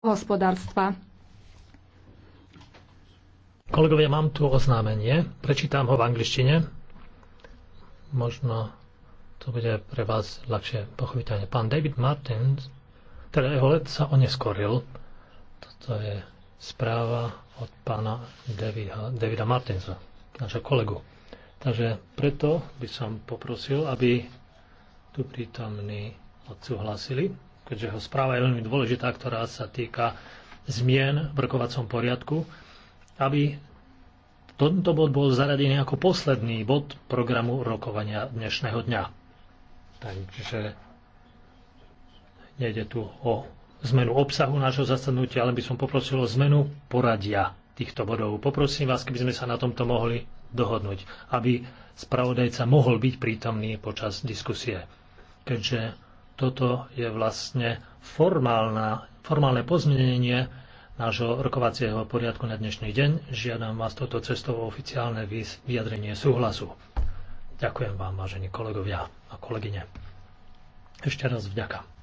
hospodárstva. Kolegovia, mám tu oznámenie. Prečítam ho v angličtine. Možno to bude pre vás ľahšie pochopiteľne. Pán David Martins, teda jeho let sa oneskoril. Toto je správa od pána Davida, Davida Martinsa, nášho kolegu. Takže preto by som poprosil, aby tu prítomní odsúhlasili keďže ho správa je veľmi dôležitá, ktorá sa týka zmien v rokovacom poriadku, aby tento bod bol zaradený ako posledný bod programu rokovania dnešného dňa. Takže nejde tu o zmenu obsahu nášho zasadnutia, ale by som poprosil o zmenu poradia týchto bodov. Poprosím vás, keby sme sa na tomto mohli dohodnúť, aby spravodajca mohol byť prítomný počas diskusie. Keďže toto je vlastne formálna, formálne pozmenenie nášho rokovacieho poriadku na dnešný deň. Žiadam vás toto cestovo oficiálne vyjadrenie súhlasu. Ďakujem vám, vážení kolegovia a kolegyne. Ešte raz vďaka.